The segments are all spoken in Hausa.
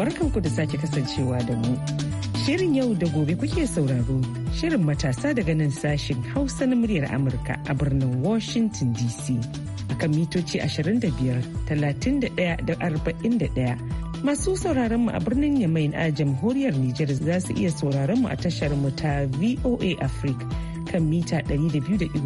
barkanku da sake kasancewa da mu. Shirin yau da gobe kuke sauraro, shirin matasa daga nan sashen Hausa na muryar Amurka a birnin Washington DC. Akan mitoci 25, 31 da 41. Masu sauraron mu a birnin yamain a jamhuriyar Nijar za su iya sauraron mu a tashar mu ta VOA Africa. kan mita 200.5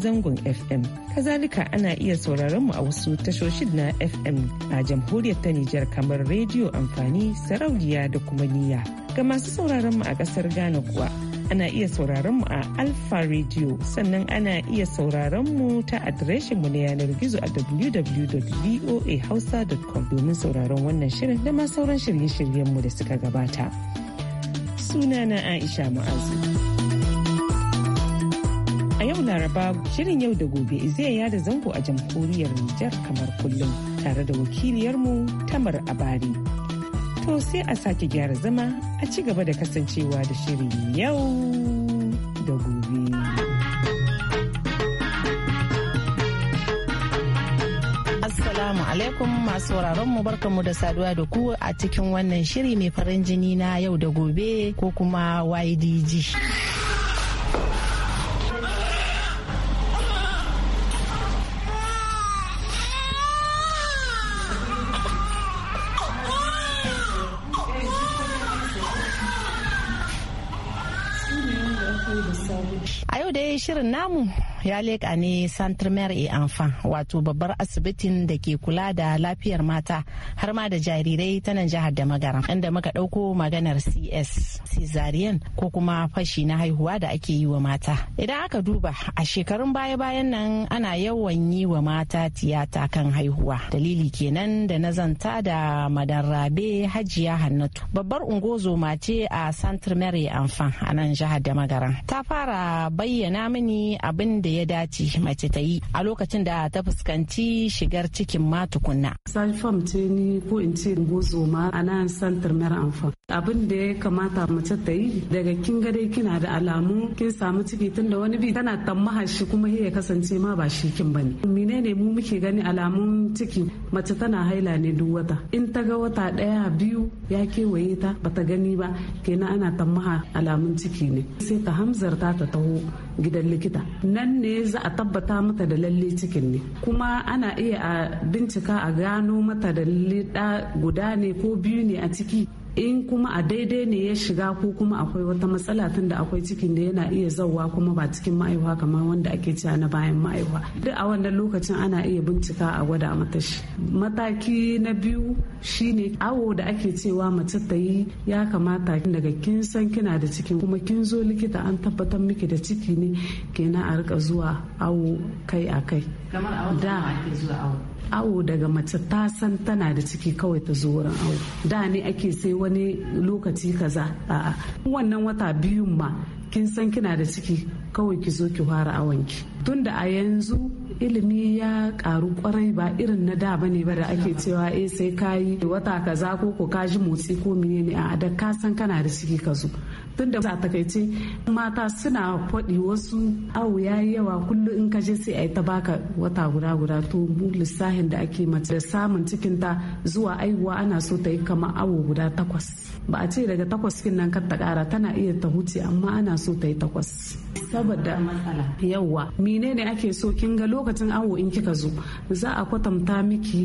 zangon FM. Kazalika ana iya sauraron mu a wasu tashoshin na FM a jamhuriyar ta Nijar kamar rediyo amfani sarauniya da kuma niya. Ga masu sauraron mu a ƙasar Ghana kuwa ana iya sauraron mu a Alpha Radio sannan ana iya sauraron mu ta adireshin mu na yanar gizo a www.voahausa.com domin sauraron wannan shirin da ma sauran shirye-shiryen mu da suka gabata. Sunana Aisha Ma'azu. A yau Laraba shirin yau da gobe zai yada zango a jamhuriyar Nijar kamar kullum tare da wakiliyarmu Tamar Abari. To sai a sake gyara zama a ci gaba da kasancewa da shirin yau da gobe. Assalamu alaikum masu sauraron mu barkanmu da saduwa da ku a cikin wannan shiri mai farin jini na yau da gobe ko kuma YDG. A yau dai shirin namu ya leƙa ne Centre Mère et Enfant wato babbar asibitin da ke kula da lafiyar mata har ma da jarirai ta nan jihar da magara inda muka ɗauko maganar CS cesarean ko kuma fashi na haihuwa da ake yi wa mata. Idan aka duba a shekarun baya-bayan nan ana yawan yi wa mata tiyata kan haihuwa. Dalili kenan da na zanta da madarrabe Hajiya Hannatu babbar ungozoma ce a Centre Mère et Enfant a nan jihar da magara Ta fara bayyana mini abin da ya dace mace ta yi a lokacin da ta fuskanci shigar cikin ma tukunna. Salfam ce ni ko in ce gozo ma a nan santar mayar amfan. Abin da ya kamata mace ta yi daga kin ga dai kina da alamu kin samu ciki tun da wani bi tana tamaha shi kuma ya kasance ma ba shi kin bane. Menene mu muke gani alamun ciki mace tana haila ne duk wata. In ta ga wata ɗaya biyu ya kewaye ta bata gani ba kenan ana tamaha alamun ciki ne. Sai ta hamzarta ta taho gidan likita nan ne za a tabbata mata da lalle cikin ne kuma ana iya a bincika a gano mata da guda ne ko biyu ne a ciki in kuma a daidai ne ya shiga ko kuma akwai wata matsala tun da akwai cikin da yana iya zauwa kuma ba cikin ma'aihuwa kamar wanda ake cewa na bayan ma'aihuwa duk a wannan lokacin ana iya bincika a gwada mata shi mataki na biyu shine awo da ake cewa mace ta yi ya kamata daga kin san kina da ciki kuma kin zo likita an tabbatar miki da ciki ne kenan a rika zuwa awo kai a kai kamar a ake zuwa awo awo daga mace ta san tana da ciki kawai ta zo wurin awo da ne ake sai wani lokaci kaza a'a wannan wata biyun ma kin san kina da ciki kawai ki zo ki fara awonki da a yanzu ilimi ya karu kwarai ba irin na da bane ba da ake cewa eh sai kayi wata kaza ko ko kaji motsi ko menene a da ka san kana da ciki ka zo tun da a takaice mata suna faɗi wasu awu ya yi yawa kullum in ka je sai a yi ta baka wata guda guda to mu lissahin da ake mace da samun cikinta zuwa aihuwa ana so ta yi kama awo guda takwas ba a ce daga takwas kin nan ta kara tana iya ta huce amma ana so ta yi takwas saboda mine menene ake so kin ga lokacin awo in kika zo za a kwatanta miki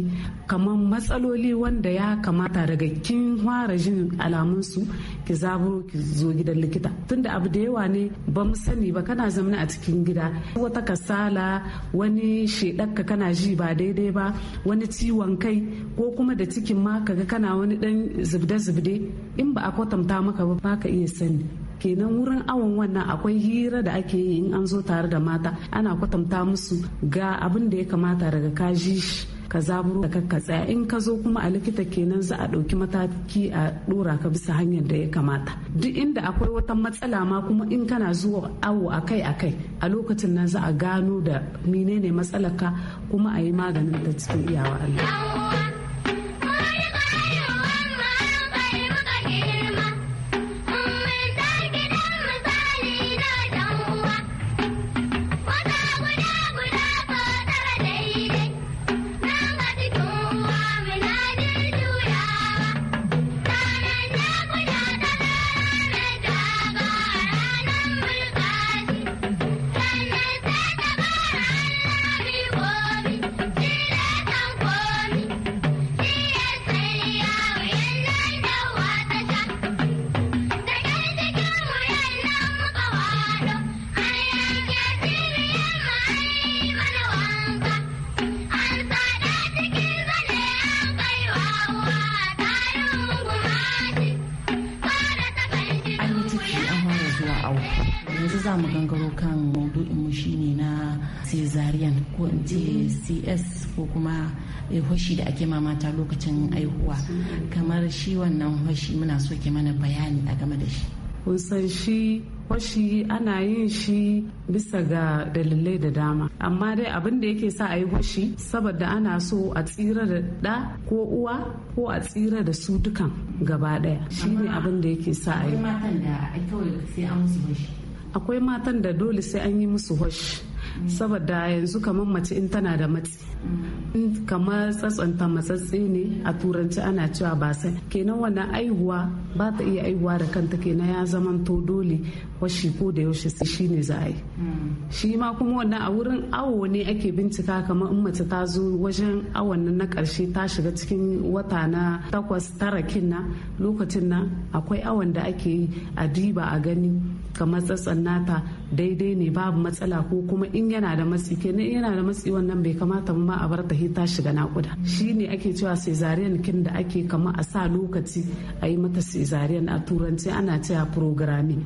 kamar matsaloli wanda ya kamata daga kin fara jin alamun su ki zaburo ki zo gidan likita tunda abu da yawa ne ba mu sani ba kana zama a cikin gida wata kasala wani shedakka kana ji ba daidai ba wani ciwon kai ko kuma da cikin ma kaga kana wani dan zubde-zubde in ba a kwatanta maka ba ba ka iya sani kenan wurin awon wannan akwai hira da ake yi in an zo tare da mata ana kwatanta musu ga abin da ya kamata daga kaji shi ka zaburo da ka tsaya in ka zo kuma a likita kenan za a ɗauki mataki a ɗora ka bisa hanyar da ya kamata duk inda akwai wata matsala ma kuma in kana zuwa awo akai akai a lokacin nan za a gano da menene matsalaka kuma a yi maganin ta cikin iyawa Allah hoshi da ake mamata lokacin aihuwa kamar shi wannan hoshi muna so ke mana bayani a game da shi kun san shi hoshi ana yin shi bisa ga dalilai da dama amma dai abin da yake sa a yi hoshi saboda ana so a tsira da ɗa ko uwa ko a tsira da su dukan gaba ɗaya shi ne abin da yake sa a yi akwai matan da dole sai an yi musu hoshi mm. saboda yanzu kamar mace in tana da matsi kamar tsatsanta matsatsi ne a turanci ana cewa ba sai kenan wannan aihuwa ba ta iya aihuwa da kanta kenan ya zaman to dole washi ko da yaushe su shi ne za a yi shi ma kuma wannan a wurin awo ne ake bincika kamar in mace ta zo wajen awon na karshe ta shiga cikin wata na takwas tara kinna lokacin nan akwai awon da ake yi a diba a gani kamar tsatsan nata daidai ne babu matsala ko kuma in yana da matsi kenan yana da matsi wannan bai kamata mu. ma a bar ta ta shiga nakuda ne ake cewa cesarean kin da ake kama a sa lokaci a yi mata cesarean a turanci ana cewa programming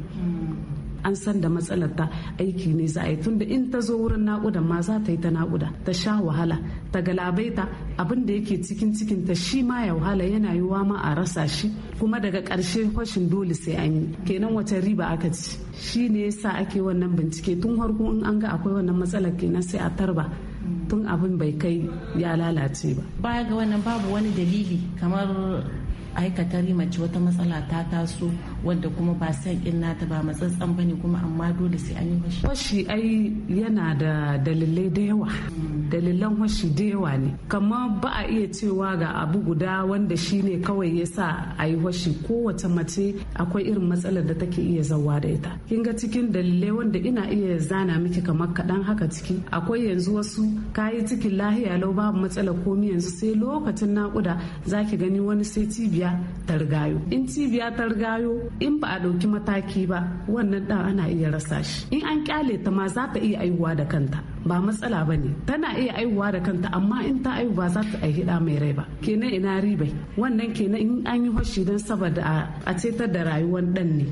an san da matsalar ta aiki ne za a yi tunda in ta zo wurin nakuda ma za ta yi ta nakuda ta sha wahala ta galabaita abin da yake cikin cikin ta shi ma ya wahala yana yiwuwa ma a rasa shi kuma daga karshe kwashin dole sai an yi kenan wata riba aka ci shi ne ya yasa ake wannan bincike tun harko in an ga akwai wannan matsalar kenan sai a tarba tun abin bai kai ya lalace ba baya ga wannan babu wani dalili kamar aikata mace wata matsala ta taso wadda kuma ba san in nata ba matsatsan ne kuma amma dole sai an yi washi washi ai yana da dalilai da yawa dalilan washi da yawa ne kamar ba a iya cewa ga abu guda wanda shi ne kawai ya sa a yi washi kowace mace akwai irin matsalar da take iya zawa da ita kin ga cikin dalilai wanda ina iya zana miki kamar kaɗan haka ciki akwai yanzu wasu kayi cikin lahiya lau babu matsalar komi yanzu sai lokacin nakuda zaki gani wani sai cibiya cibiya ta rigayo in cibiya ta rigayo in ba a ɗauki mataki ba wannan ɗan ana iya rasa shi in an kyale ta ma za ta iya aihuwa da kanta ba matsala ba ne tana iya aihuwa da kanta amma in ta aihu ba za ta aihi da mai rai ba kenan ina ribai wannan kenan in an yi hoshi don saboda a cetar da rayuwar ɗan ne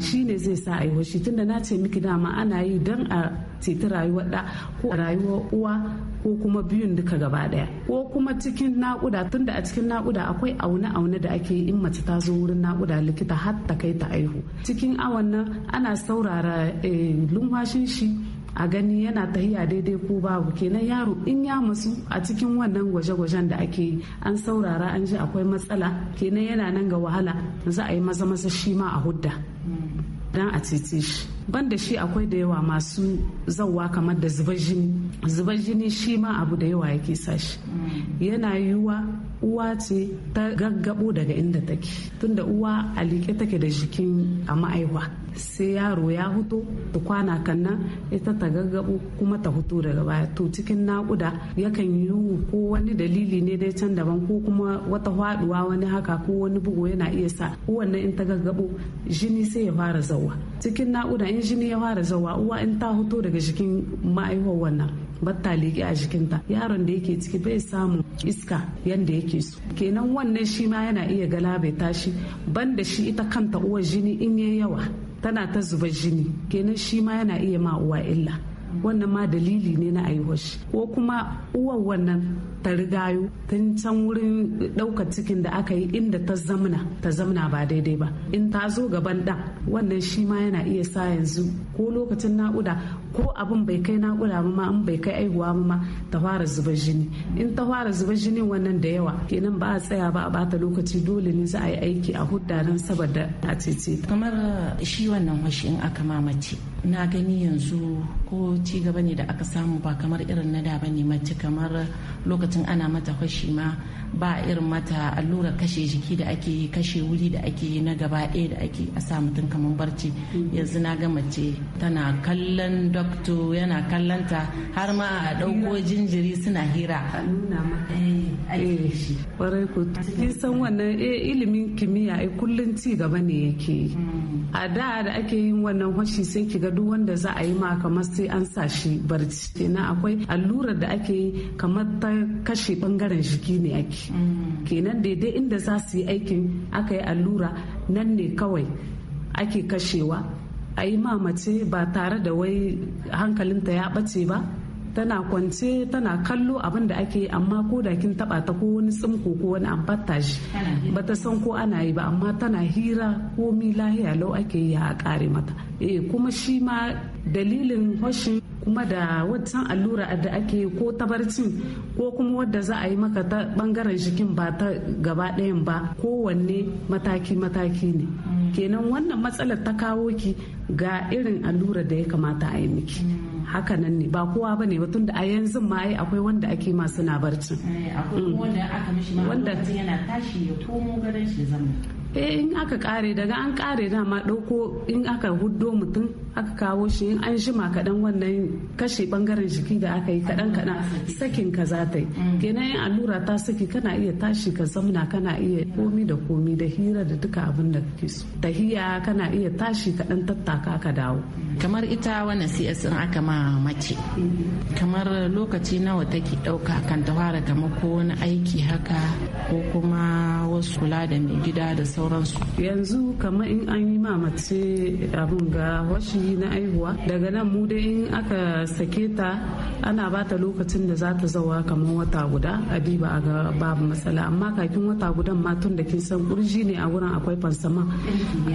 shi ne zai sa a yi hoshi tunda na ce miki dama ana yi don a ceti rayuwar da ko rayuwar uwa ko kuma biyun duka gaba daya ko kuma cikin nakuda tunda a cikin nakuda akwai aune-aune da ake yi in mace ta zo wurin nakuda likita har ta kai ta aihu cikin awon nan ana saurara eh, lumfashin shi a gani yana tahiya daidai ko babu kenan yaro in ya masu a cikin wannan gwaje-gwajen da ake yi an saurara an ji akwai matsala kenan yana nan ga wahala za a yi maza-maza shi ma a hudda don a titi shi ban da shi akwai da yawa masu zauwa kamar da zubar jini zubar jini shi ma abu da yawa yake sa shi mm. yana yiwuwa uwa ce ta gaggabo daga inda take tunda uwa a liƙe take da jikin a ma'aiwa sai yaro ya huto ta kwana nan ita ta gaggabo kuma ta huto daga baya to cikin naƙuda yakan yiwu ko wani dalili ne dai can daban ko kuma wata haɗuwa wani haka ko wani bugu yana iya sa uwan in ta gaggabo jini sai ya fara zauwa cikin na'ura in jini ya fara zawa uwa in ta hoto daga jikin ma'aihuwar wannan batta liƙe a jikinta yaron da yake ciki bai samu iska yadda yake so kenan wannan shi ma yana iya bai shi banda shi ita kanta uwar jini in yayi yawa tana ta zuba jini kenan shi ma yana iya ma uwa illa wannan ma dalili ne na aihuwar shi ko kuma uwar wannan ta rigayo tun can wurin ɗaukar cikin da aka yi inda ta zamna ta zamna ba daidai ba in ta zo gaban ɗan wannan shi ma yana iya sa yanzu ko lokacin naƙuda ko abin bai kai naƙuda ma in bai kai aihuwa ma ta fara zubar jini in ta fara zuba jini wannan da yawa kenan ba a tsaya ba a bata lokaci dole ne za a yi aiki a hudda don saboda a cece kamar shi wannan washi in aka mamace na gani yanzu ko ci gaba ne da aka samu ba kamar irin na da bane mace kamar lokacin ana mata fashi ma ba irin mata allura kashe jiki da ake kashe wuri da ake yi na gaba ɗaya da ake a sa mutum kamar barci mm-hmm. yanzu na ga mace tana kallon dokto yana kallon ta har ma a ɗauko jinjiri suna hira a nuna eh, eh, san wannan eh, ilimin kimiyya ai kullum ci gaba ne yake mm. a da da ake yin wannan hashi sai ki ga duk wanda za a yi ma kamar sai an sa shi barci kenan akwai allurar da ake kamar ta kashe bangaren jiki ne ake mm. kenan daidai inda za su yi aikin aka yi allura nan ne kawai ake kashewa a yi mamace ba tare da wai hankalinta ya ɓace ba tana kwance tana kallo abin da ake amma ko da kin taba ta ko wani tsimko ko wani amfatta ba ta san ko ana yi ba amma tana hira ko mi lahiya lau ake yi a kare mata eh kuma shi ma dalilin hoshin kuma da wancan allura da ake ko tabarcin ko kuma wadda za a yi maka ta bangaren jikin ba ta gaba ɗayan ba kowanne mataki-mataki ne mm. kenan wannan matsalar ta kawo ki ga irin allura da ya kamata a yi miki mm. haka nan ne ba kowa bane ba tunda a yanzu ma ai akwai wanda ake masu na barci eh, akwai wanda aka mishi ma wanda yana tashi ya tomo garin shi zama e in aka kare daga an kare dama dauko in aka huddo mutum aka kawo shi in an shima kaɗan wannan kashe bangaren jiki da aka yi kaɗan kaɗan sakin ka za ta yi mm. kenan in allura ta saki kana iya tashi ka zamna kana iya komi da komi da hira da duka abin da kake so tahiya kana iya tashi kaɗan tattaka ka dawo kamar ita wannan cs in aka ma mace mm. kamar lokaci nawa take ɗauka kan ta fara kamar ko wani aiki haka ko kuma wasu kula da mai gida da sauransu yanzu kamar in an yi ma mace abun ga washi na aihuwa daga nan mu dai in aka sake ta ana ba ta lokacin da za ta zawa kamar wata guda a diba a ga babu matsala amma kakin wata gudan ma tun da kin san kurji ne a wurin akwai fansama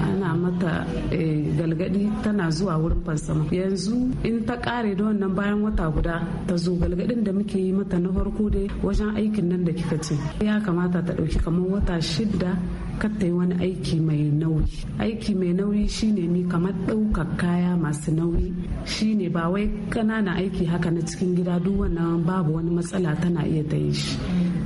ana mata eh, galgadi tana zuwa wurin fansama yanzu in ta kare da wannan bayan wata guda ta zo galgadin da muke yi mata na farko dai wajen aikin nan da kika ce ya kamata ta ɗauki kamar wata shidda kar ta yi wani aiki mai nauyi aiki mai nauyi shine ni kamar ɗaukar kaya masu nauyi shine ba wai kanana aiki haka na cikin gida duk wannan babu wani matsala tana iya ta yi shi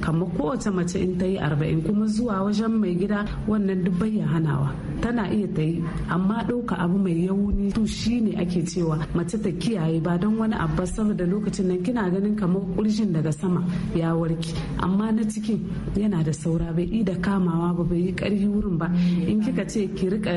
kama kowace mace in ta yi arba'in kuma zuwa wajen mai gida wannan duk ya hanawa tana iya ta yi amma ɗauka abu mai yauni to shi ne ake cewa mace ta kiyaye ba don wani abu saboda lokacin nan kina ganin kamar ƙurjin daga sama ya warke amma na cikin yana da saura bai da kamawa ba bai karfi wurin ba in kika ce ki rika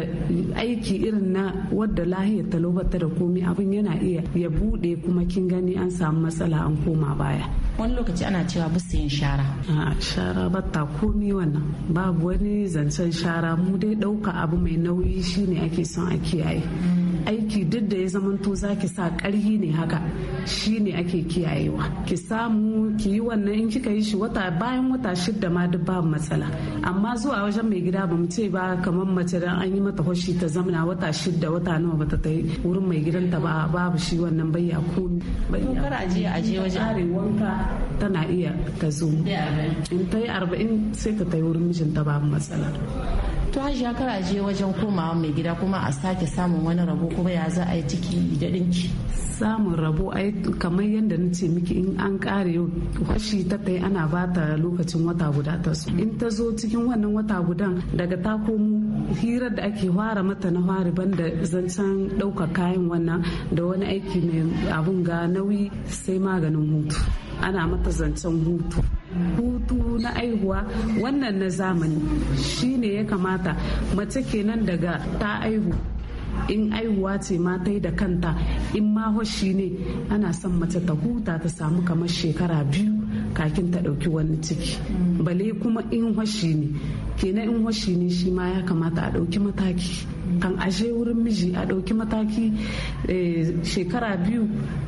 aiki irin na wadda lahiyar talobata da komi abin yana iya ya bude kuma kin gani an samu matsala an koma baya wani lokaci ana cewa busu yin shara a shara batta komi wannan babu wani zancen shara mu dai dauka abu mai nauyi shine ake son a kiyaye aiki duk da ya zamanto za ki sa ƙarhi ne haka shi ne ake kiyayewa ki samu ki yi wannan in kika yi shi wata bayan wata shidda ma duk babu matsala amma zuwa wajen mai gida ba mu ce ba kamar mace dan an yi mata hoshi ta zamana wata shidda wata nawa bata ta wurin mai gidanta ba babu shi wannan bayya ko bayya aje aje wajen arewanka tana iya ta zo in ta yi arba'in sai ta ta yi wurin mijinta babu matsala to hajiya kar a je wajen komawa mai gida kuma a sake samun wani rabo kuma ya za a yi ciki da dinki samun rabo ai kamar yadda na ce miki in an kare kwashi ta tai ana ba ta lokacin wata guda ta su in ta zo cikin wannan wata gudan daga ta komo hirar da ake fara mata na fari banda zancen ɗaukar kayan wannan da wani aiki mai abun ga nauyi sai maganin hutu ana mata zancen hutu hutu na aihuwa wannan na zamani shi ne ya kamata mace kenan daga ta aihu in aihuwa ce ma ta da kanta in ma hoshi ne ana son mace ta huta ta samu kamar shekara biyu kakin ta ɗauki wani ciki bale kuma in washi ne kenan in washi ne shi ma ya kamata a ɗauki mataki kan ashe wurin miji a ɗauki mataki eh, shekara biyu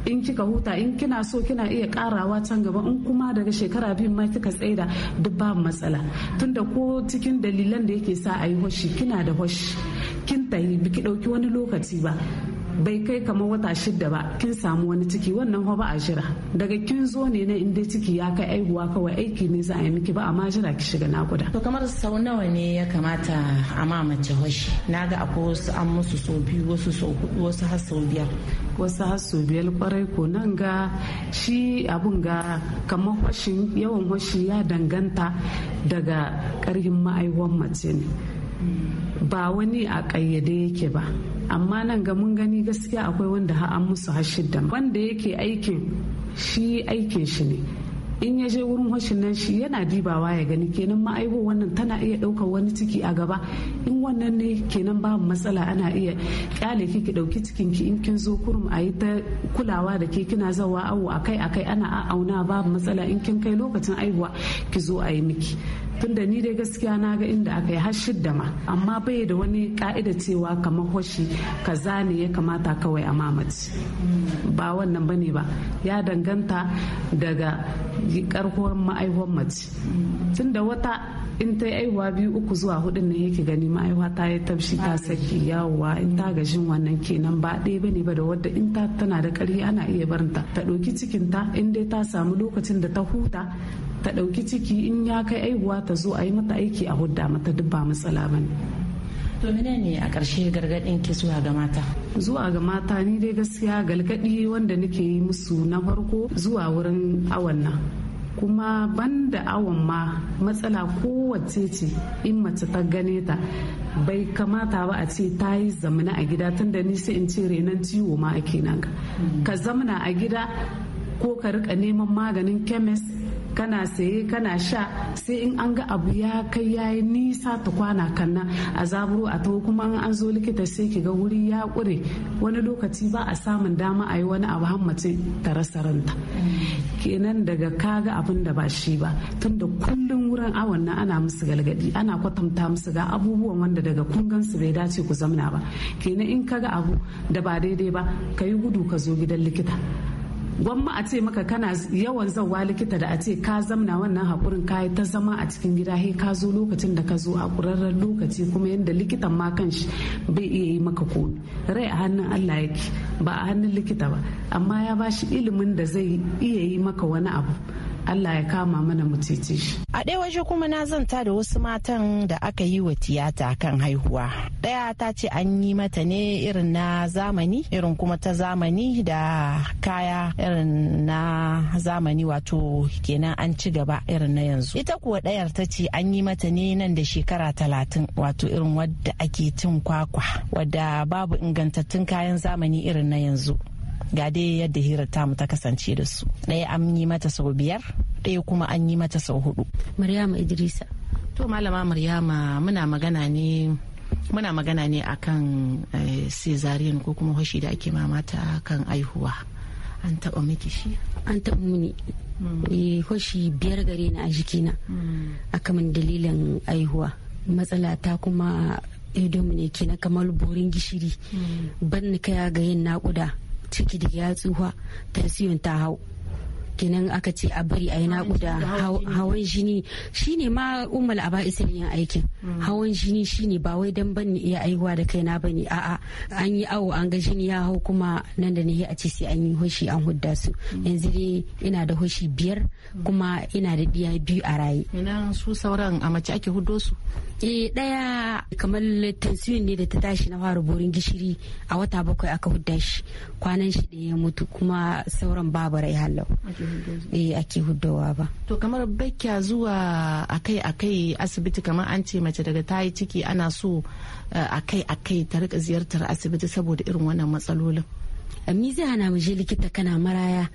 in kika huta in kina so kina iya karawa can gaba in kuma daga shekara biyu ma kika tsaida duk ba matsala tunda ko cikin dalilan da yake sa a yi hoshi kina da hoshi kin tayi biki ɗauki wani lokaci ba bai kai kamar wata shida ba kin samu wani ciki wannan fa ba a jira daga kin zo ne na inda ciki ya kai aihuwa kawai aiki ne za a yi miki ba amma jira ki shiga nakuda to kamar sau nawa ne ya kamata a ma mace hoshi ga akwai wasu an musu sau biyu wasu sau hudu wasu har sau biyar wasu har sau biyar kwarai ko nan ga shi abun ga kamar hoshin yawan hoshi ya danganta daga karhin ma'aihuwan mace ne ba wani a ƙayyade yake ba amma nan ga mun gani gaskiya akwai wanda ha an musu hashidda wanda yake aikin shi aikin shi ne in ya je wurin hoshin nan shi yana dibawa ya gani kenan aibo wannan tana iya ɗaukar wani ciki a gaba in wannan ne kenan babu matsala ana iya kyale ki ki ɗauki cikin ki in kin zo kurum a yi ta kulawa da ke kina zawa awo akai akai ana auna babu matsala in kin kai lokacin aibuwa ki zo a yi miki tunda ni dai gaskiya na ga inda aka yi har shidda ma amma bai da wani ka'ida cewa kamar hoshi kaza ne ya kamata kawai a mamaci ba wannan bane ba ya danganta daga karkon ma'aihuwar mace tunda wata in ta yi aihuwa biyu uku zuwa hudun ne yake gani ma'aihuwa ta yi tafshi ta saki yawuwa in ta gashin wannan kenan ba ɗaya bane ba da wadda in ta tana da ƙarfi ana iya barinta ta ɗauki cikinta in dai ta samu lokacin da ta huta ta ɗauki ciki in ya kai aihuwa ta zo a yi mata aiki a hudda mata duk ba matsala ba ne. To ne a ƙarshe gargaɗin ki zuwa ga mata? Zuwa ga mata ni dai gaskiya galgaɗi wanda nake yi musu na farko zuwa wurin awon nan. kuma banda awon ma matsala kowace ce in mace ta gane ta bai kamata ba a ce ta yi zamana a gida tunda ni sai in ce renan ciwo ma ake nan ka zamana a gida ko ka rika neman maganin kemis kana saye kana sha sai in an ga abu ya kai ya yi nisa ta kwana kanna a zaburo a taho kuma an zo likita sai ki ga wuri ya kure wani lokaci ba a samun dama a yi wani abu har mace ta rasa ranta kenan daga kaga abin da ba shi ba tunda kullum wurin awon nan ana musu galgadi ana kwatanta musu ga abubuwan wanda daga kun gansu bai dace ku zamna ba kenan in kaga abu da ba daidai ba ka yi gudu ka zo gidan likita gwamma a ce maka kana yawan zauwa likita da a ce ka zamna wannan hakurin ka ta zama a cikin gida he ka zo lokacin da ka zo a kurarren lokaci kuma yadda likitan ma kanshi bai iya yi maka ko rai a hannun Allah yake ba a hannun likita ba amma ya bashi ilimin da zai iya yi maka wani abu Allah ya kama mana mu cece A ɗaya waje kuma na zanta da wasu matan da aka yi wa tiyata kan haihuwa. Ɗaya ta ce an yi mata ne irin na zamani, irin kuma ta zamani da kaya irin na zamani wato kenan an ci gaba irin na yanzu. Ita kuwa ɗayar ta ce an yi mata ne nan da shekara talatin wato irin wadda ake cin kwakwa wadda babu ingantattun kayan zamani irin na yanzu. ga dai yadda hirar tamu ta kasance da su ɗaya an yi mata sau biyar ɗaya kuma an yi mata sau hudu maryama idrisa to malama maryama muna magana ne muna magana ne akan eh, cesarean ko kuma hoshi da ake mamata kan aihuwa an taba miki shi an taba muni. Hmm. hoshi biyar gare na a jikina hmm. akamin dalilin aihuwa matsala ta kuma idonmu ne kina kamar borin gishiri hmm. ban ni kaya ga yin nakuda ciki da ya tsuha tansiyon ta hau kenan aka ce a bari a yi naƙuda hawan jini shine ma umar a ba'isin yin aikin hawan jini shine ba wai dan ban iya aihuwa da kaina bane a'a an yi awo an ga jini ya hau kuma nan da ne a ce sai an yi hoshi an hudda su yanzu dai ina da hoshi biyar kuma ina da biya biyu a raye ina su sauran a mace ake hudo su eh daya kamar tansiyon ne da ta tashi na fara borin gishiri a wata bakwai aka hudda shi kwanan shi da ya mutu kuma sauran babu rai halau eh ake huddawa ba to kamar bakya zuwa akai akai asibiti kamar an ce mace daga ta yi ciki ana so eh, akai akai ta rika ziyartar asibiti saboda irin wannan matsalolin ni zai hana mu je likita kana maraya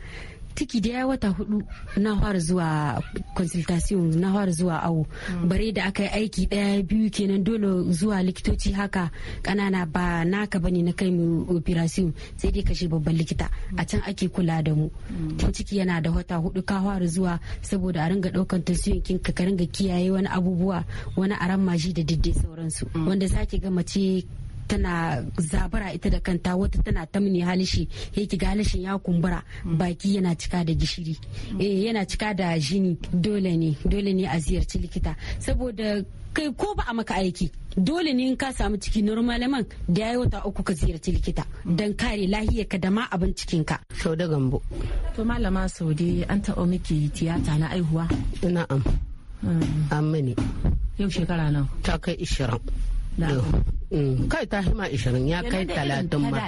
ciki da ya wata hudu na fara zuwa consultation na fara zuwa awo mm. bare da aka yi aiki daya biyu kenan dole zuwa likitoci haka kanana ba naka bane na kai mu operation sai dai kashe babban likita a can ake kula da mu mm. tun ciki yana da wata hudu ka fara zuwa saboda a ringa daukan tension kin ka ringa kiyaye wani abubuwa wani aran maji da diddai sauransu mm. wanda zaki ga mace tana zabara ita da kanta wata tana ta mini halishi ya ki halishin ya kumbura baki yana cika da gishiri eh yana cika da jini dole ne dole ne a ziyarci likita saboda kai ko ba a maka aiki dole ne in ka samu ciki normal man da yayi wata uku ka ziyarci likita don kare ka da ma abin cikinka. Sau da gambo. To malama Saude an taɓa miki tiyata na aihuwa? Ina hmm. An ne Yau shekara nan? Ta kai ishirin. Mm. kai ta hima ishirin ya kai talatin ma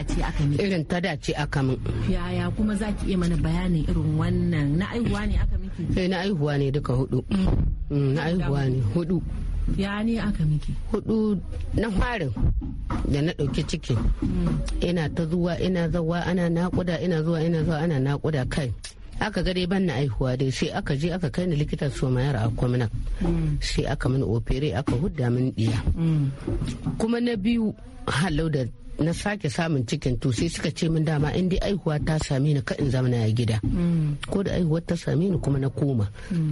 irin ta dace aka min yaya kuma za ki iya mana bayanin irin wannan na aihuwa ne aka miki eh, na aihuwa ne duka hudu mm. Mm, na aihuwa ne hudu ya ne aka miki hudu na farin da na ɗauki ciki ina ta zuwa ina zawa ana nakuda ina zuwa ina zuwa ana nakuda kai aka gare ban na aihuwa dai sai aka je aka kai ni likita su ma yara akwai sai aka mini opere aka hudda mini diya mm. kuma na biyu halau da na sake samun cikin to sai suka ce min dama in dai aihuwa ta same ni ka in zama a gida ko da aihuwar ta same ni kuma na koma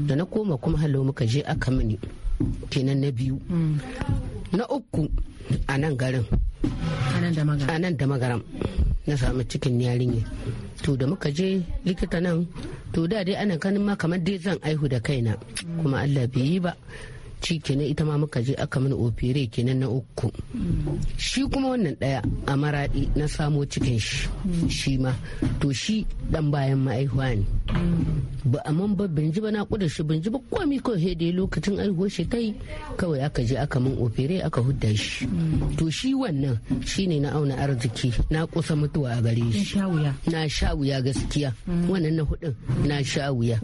da na koma kuma halo muka je aka mini kenan na biyu na uku a nan garin a nan da magaram na samu cikin yarinya to da muka je likita nan to da dai ana kanin ma kamar dai zan aihu da kaina kuma allah bai yi ba ci kenan ita ma muka je aka mini opere kenan na uku shi kuma wannan daya a maradi na samo cikin shi shi ma to shi dan bayan ma'aihuwa ne ba a man ba bin ji ba na kuda shi bin ba komi ko he da lokacin aihuwa shi kai kawai aka je aka min opere aka hudda shi to shi wannan shi ne na auna arziki na kusa mutuwa a gare shi na sha wuya gaskiya wannan na hudun na sha wuya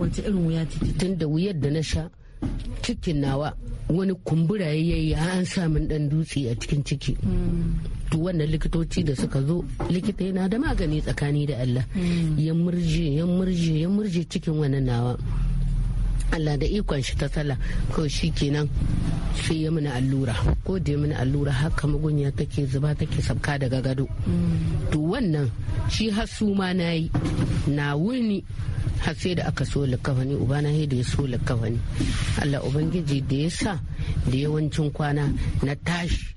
tun da wuyar da na sha cikin nawa wani kumbura ya yi an samun dan dutse a cikin ciki to wannan likitoci da suka zo likita yana da magani tsakani da Allah mm. ya murje ya murje ya murje cikin wani nawa allah da ikon shi ta tsala ko shi kenan sai ya mini allura ko da ya mana allura haka magunya take zuba take sabka daga gado to wannan shi su ma na yi na wuni har sai da aka so ne ubana na da ya so ne allah ubangiji da ya sa da yawancin kwana na tashi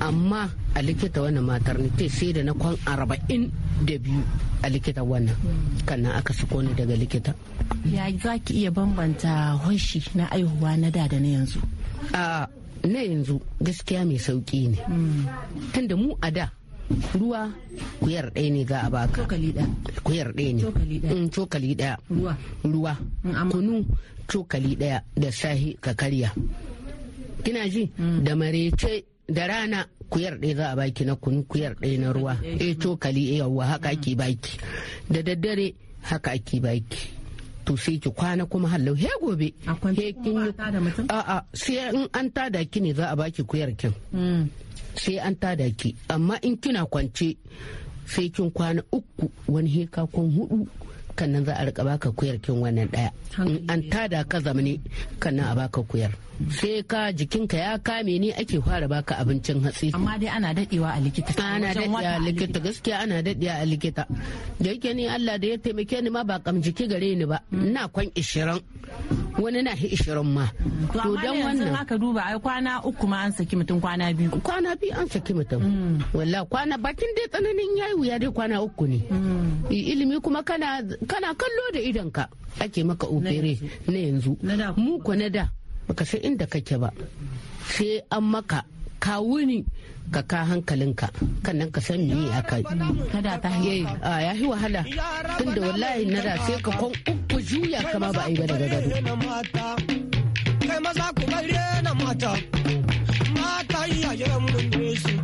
amma a likita wannan maternity sai da na kwan arba'in da biyu a likita wannan kannan aka siko ni daga likita ya za ki iya bambanta hoshi na aihuwa na da da na yanzu a na yanzu gaskiya mai sauki ne hmm. tunda mu a da ruwa kuyar ɗaya ne za a baka kuyar ɗaya ne cokali ɗaya mm, ruwa kunu cokali ɗaya da sahi ka karya kina ji hmm. da marece da rana kuyar ɗaya za a baki na kunu kuyar ɗaya na ruwa e cokali e eh, yawwa haka mm. ake baki da daddare haka ake baki to sai ki kwana kuma hallau he gobe he kin yi a sai in an tada ki ne za a baki kuyar kin mm. sai an tada ki amma in kina kwance sai kin kwana uku wani heka kun hudu kannan za a rika baka kuyar kin wannan daya an tada ka zamani kannan a baka kuyar sai ka jikinka ya kame ne ake fara baka abincin hatsi amma dai ana dadewa a likita ana dadewa a likita gaskiya ana dadewa a likita da yake ni Allah da ya taimake ni ma ba kam jiki gare ni ba mm. ina kwan 20 wani na ishirin ma to dan wannan aka duba ai kwana uku ma an saki mutum kwana biyu kwana biyu an saki mutum mm. Walla kwana bakin dai tsananin yayi wuya dai kwana uku ne mm. ilimi kuma kana kana kallo da idonka ake maka opere na yanzu mu ko na da baka san inda kake ba sai an maka kawuni ka ka hankalinka kan nan ka san meye aka yi eh, ya yi wahala tunda wallahi na da sai ka kon juya kama ba a yi ba daga gado. Kai maza ku bare na mata, mata iyayen mun ne su,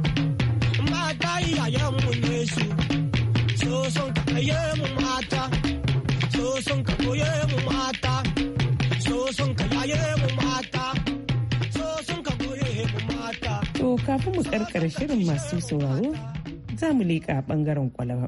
mata iyayen mun ne su, so son ka kaye mu mata, so son ka koye mu mata, so son ka yaye mu mata, so son ka koye mu mata. To kafin mu karkar shirin masu sauraro, za mu leƙa ɓangaren kwalaba.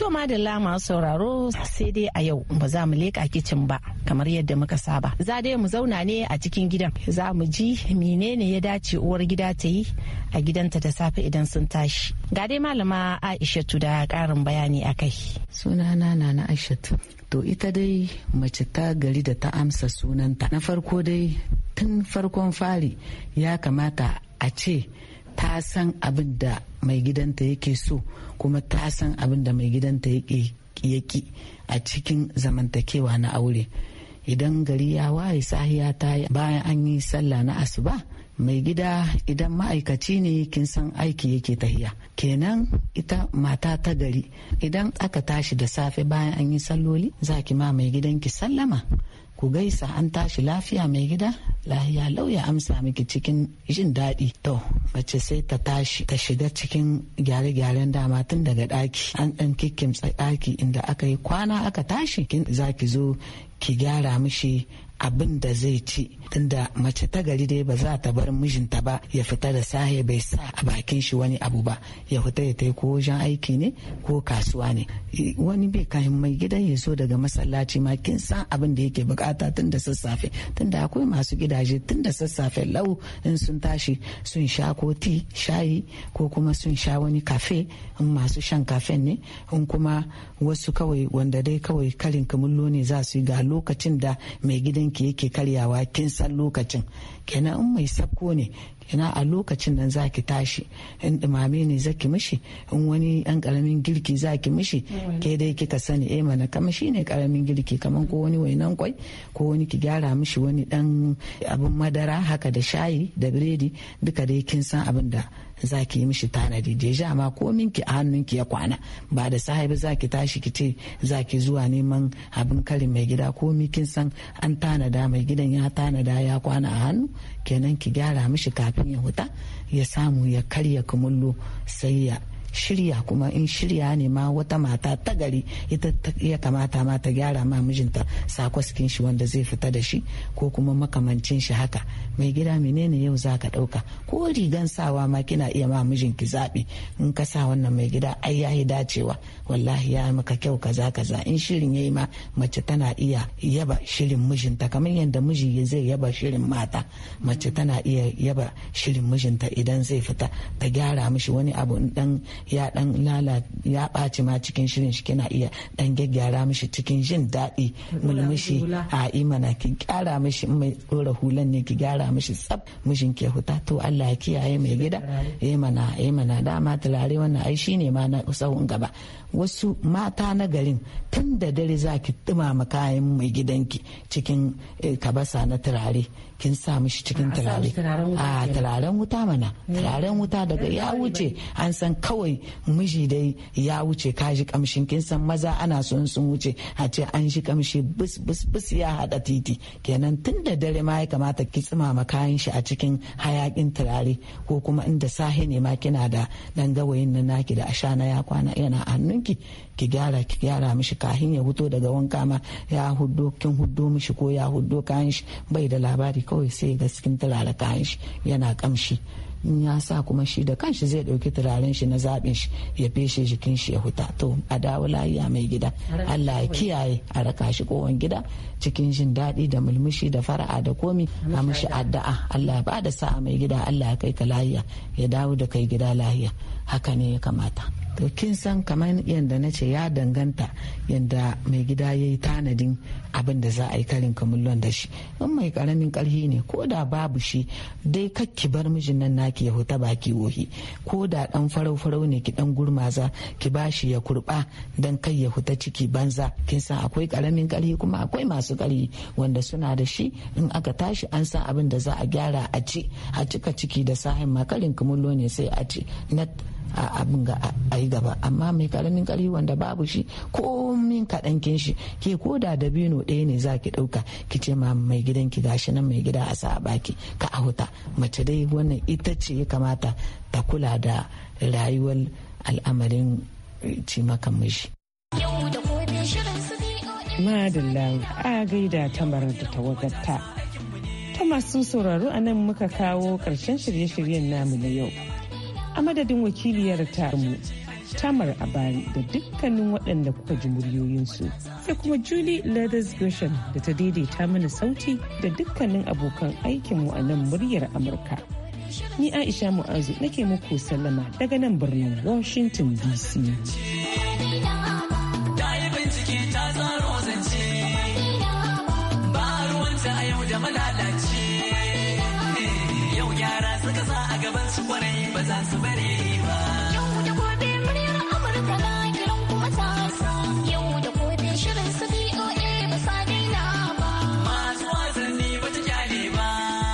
To madalla masu sauraro sai dai a yau ba za mu leka kicin ba kamar yadda muka saba. Za dai mu zauna ne a cikin gidan. Za mu ji menene ya dace uwar gida ta yi a gidanta da safe idan sun tashi. Ga dai malama Aishatu da ƙarin bayani a kai. Sunana na Aishatu. To ita dai mace ta gari da ta amsa sunanta. Na farko dai tun farkon fari ya kamata a ce ta san abin da mai gidanta yake so kuma ta san abin da mai gidanta yake yaki a cikin zamantakewa na aure idan gari ya waye sahiya ta bayan an yi sallah na asuba mai gida idan ma'aikaci ne kin san aiki yake tahiya kenan ita mata ta gari idan aka tashi da safe bayan an yi salloli za ki ma mai gidanki sallama ku gaisa an tashi lafiya mai gida lahiya lauya amsa miki cikin jin daɗi to mace sai ta tashi ta shiga cikin gyare-gyaren dama tun daga ɗaki an ɗan kikkimtsa ɗaki inda aka yi kwana aka tashi za ki zo ki gyara mishi abin da zai ci tunda mace ta gari dai ba za ta bar mijinta ba ya fita da sahe bai sa a bakin shi wani abu ba ya fita ya tai ko wajen aiki ne ko kasuwa ne wani bai kayan mai gidan ya zo daga masallaci ma kin san abin da yake bukata tun da sassafe tun da akwai masu gidaje tun da sassafe lau in sun tashi sun sha ko ti shayi ko kuma sun sha wani kafe in masu shan kafe ne in kuma wasu kawai wanda dai kawai karin kamullo ne za su yi ga lokacin da mai gidan jikinki yake karyawa kin san lokacin kenan in mai sabko ne ina a lokacin nan za ki tashi in ɗumame ne za ki mishi in wani ɗan ƙaramin girki za ki mishi mm. ke dai kika sani eh mana kama shi ne ƙaramin girki kaman ko wani wainan kwai ko wani ki gyara mishi wani ɗan abin madara haka da shayi da biredi duka dai kin san abin da za ki yi mishi tanadi deja ma min ki a hannun ki ya kwana ba da sahibi za ki tashi ki ce za ki zuwa neman abin karin mai gida ko kin san an tanada mai gidan ya tanada ya kwana a hannu kenan ki gyara mishi kafin kafin ya huta ya samu ya karya kumallo sai ya shirya kuma in shirya ne ma wata mata ta gari ita ya kamata ma ta gyara ma mijinta sa kwaskin shi wanda zai fita da shi ko kuma makamancin shi haka mai gida menene yau za ka ɗauka ko rigan sawa ma kina iya ma mijinki zaɓi in ka sa wannan mai gida ai ya yi dacewa wallahi ya maka kyau kaza kaza in shirin ya yi ma mace tana iya yaba shirin mijinta kamar yadda miji zai yaba shirin mata mace tana iya yaba shirin mijinta idan zai fita ta gyara mishi wani abu dan ya dan lala ya ɓaci ma cikin shirin shi kina iya dan gyaggyara mishi cikin jin daɗi mulmushi a imana ki gyara mishi in mai ɗora hulan ne ki gyara mishi tsab mishin ke huta to Allah ya kiyaye mai gida ya mana ya mana dama tulare wannan ai shine ma na tsawon gaba wasu mata na garin tun da dare za ki dumama kayan mai gidanki cikin eh, kabasa na turare kin sa mishi cikin turare a turaren wuta mana hmm. turaren wuta daga ya wuce an san kawai kawai miji dai ya wuce ka ji kamshin kin san maza ana son sun wuce a ce an shi kamshi bus bus bus ya hada titi kenan tun da dare ma ya kamata ki tsimama kayan shi a cikin hayakin turare ko kuma inda sahi ne ma kina da dan gawayin na naki da ashana ya kwana yana hannunki ki gyara ki gyara mishi kahin ya fito daga wanka ma ya huddo kin huddo mishi ko ya huddo kayan shi bai da labari kawai sai ga cikin turare kayan shi yana kamshi in ya sa kuma shi da kanshi zai ɗauki turaren shi na zaɓin shi ya feshe jikin shi ya huta to a dawo lahiya mai gida Allah ya kiyaye a raka shi kowan gida cikin jin daɗi da mulmushi da fara'a da komi a mushi addu'a Allah ya bada sa'a mai gida Allah ya kai ka lahiya ya dawo da kai gida lahiya haka ne ya kamata to kin san kamar yadda na ce ya danganta yadda mai gida ya yi tanadin abin da za a yi karin kamullon da shi in mai karamin karhi ne ko da babu shi dai kakki bar mijin nan naki ya huta baki wohi ko da dan farau farau ne ki dan gurmaza ki bashi ya kurba dan kai ya huta ciki banza kin san akwai karamin karhi kuma akwai masu karhi wanda suna da shi in aka tashi an san abin da za a gyara a ci a cika ciki da sahin ma karin kamullo ne sai a ci na abin ga a yi gaba amma mai karamin karfi wanda babu shi ko min kaɗan kin shi ke ko da dabino ɗaya ne za ki ɗauka ki ce ma mai gidan ki gashi nan mai gida a sa a baki ka a huta mace dai wannan ita ce ya kamata ta kula da rayuwar al'amarin cimakan mishi. Madalla a gaida tamar da tawagarta. Ta masu sauraro a nan muka kawo ƙarshen shirye-shiryen namu na yau. a madadin wakiliyar mu tamar abari da dukkanin waɗanda kuka ji muryoyinsu sai kuma julie leathers gershon da ta daidaita mana sauti da dukkanin abokan aikinmu a nan muryar amurka ni aisha mu'azu nake muku sallama daga nan birnin washington dc